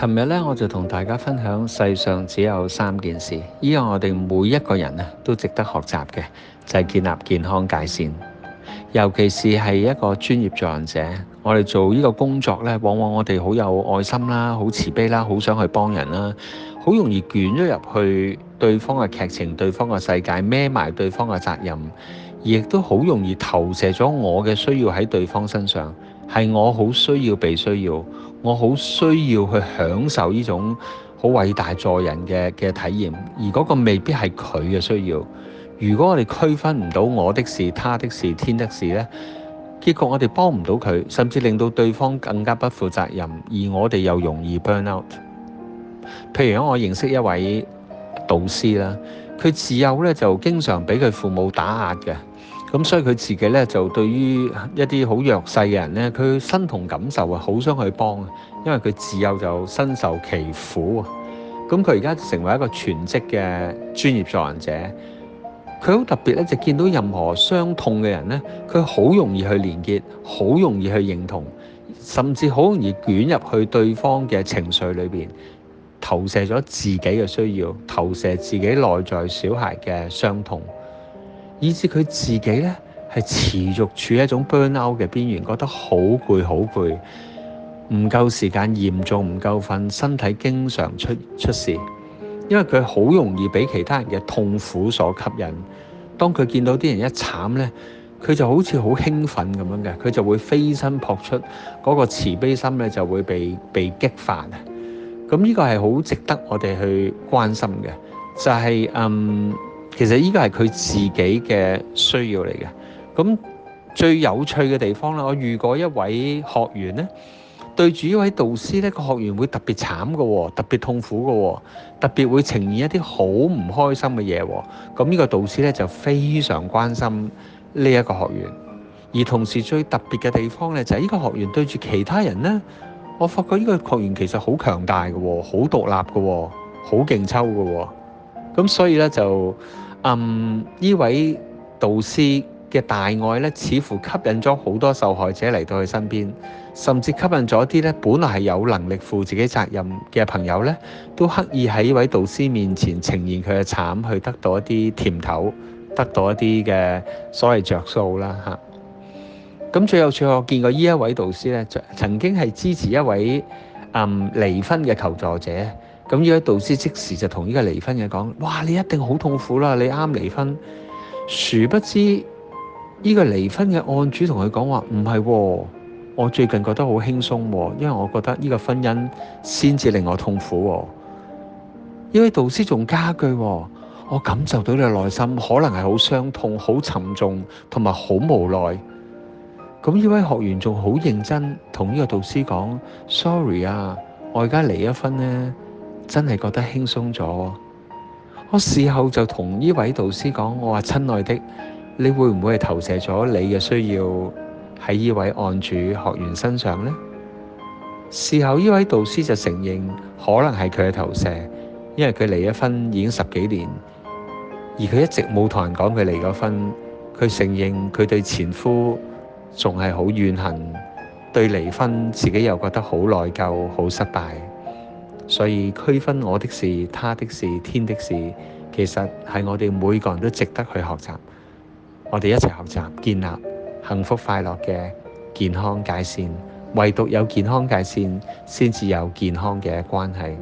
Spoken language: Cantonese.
琴日咧，我就同大家分享，世上只有三件事，依個我哋每一個人咧都值得學習嘅，就係建立健康界線。尤其是係一個專業助人者，我哋做呢個工作咧，往往我哋好有愛心啦，好慈悲啦，好想去幫人啦，好容易捲咗入去對方嘅劇情、對方嘅世界，孭埋對方嘅責任，亦都好容易投射咗我嘅需要喺對方身上。係我好需要被需要，我好需要去享受呢種好偉大助人嘅嘅體驗。而嗰個未必係佢嘅需要。如果我哋區分唔到我的事、他的事、天的事呢，結果我哋幫唔到佢，甚至令到對方更加不負責任，而我哋又容易 burn out。譬如我認識一位導師啦，佢自幼咧就經常俾佢父母打壓嘅。咁所以佢自己咧就對於一啲好弱勢嘅人咧，佢身同感受啊，好想去幫啊，因為佢自幼就身受其苦啊。咁佢而家成為一個全職嘅專業助人者，佢好特別咧，就見到任何傷痛嘅人咧，佢好容易去連結，好容易去認同，甚至好容易捲入去對方嘅情緒裏邊，投射咗自己嘅需要，投射自己內在小孩嘅傷痛。以至佢自己呢，係持續處一種 burn out 嘅邊緣，覺得好攰好攰，唔夠時間，嚴重唔夠瞓，身體經常出出事。因為佢好容易俾其他人嘅痛苦所吸引，當佢見到啲人一慘呢，佢就好似好興奮咁樣嘅，佢就會飛身撲出嗰個慈悲心呢就會被被激發啊！咁呢個係好值得我哋去關心嘅，就係、是、嗯。Um, 其實呢個係佢自己嘅需要嚟嘅。咁最有趣嘅地方咧，我遇過一位學員咧，對住一位導師咧，個學員會特別慘㗎喎，特別痛苦㗎喎，特別會呈現一啲好唔開心嘅嘢喎。咁呢個導師咧就非常關心呢一個學員，而同時最特別嘅地方咧，就係呢個學員對住其他人咧，我發覺呢個學員其實好強大㗎喎，好獨立㗎喎，好勁抽㗎喎。咁所以咧就，嗯，呢位導師嘅大愛咧，似乎吸引咗好多受害者嚟到佢身邊，甚至吸引咗啲咧本來係有能力負自己責任嘅朋友咧，都刻意喺呢位導師面前呈現佢嘅慘，去得到一啲甜頭，得到一啲嘅所謂着數啦嚇。咁最後，我見過呢一位導師咧，曾經係支持一位嗯離婚嘅求助者。咁呢位導師即時就同呢個離婚嘅講：哇！你一定好痛苦啦。你啱離婚，殊不知呢個離婚嘅案主同佢講話唔係，我最近覺得好輕鬆喎，因為我覺得呢個婚姻先至令我痛苦喎。呢位導師仲加句：我感受到你內心可能係好傷痛、好沉重同埋好無奈。咁呢位學員仲好認真同呢個導師講：sorry 啊，我而家離咗婚呢。」真係覺得輕鬆咗。我事後就同呢位導師講：我話親愛的，你會唔會係投射咗你嘅需要喺呢位案主學員身上呢？」事後呢位導師就承認可能係佢嘅投射，因為佢離咗婚已經十幾年，而佢一直冇同人講佢離咗婚。佢承認佢對前夫仲係好怨恨，對離婚自己又覺得好內疚、好失敗。所以區分我的事、他的事、天的事，其實係我哋每個人都值得去學習。我哋一齊學習，建立幸福快樂嘅健康界線，唯獨有健康界線，先至有健康嘅關係。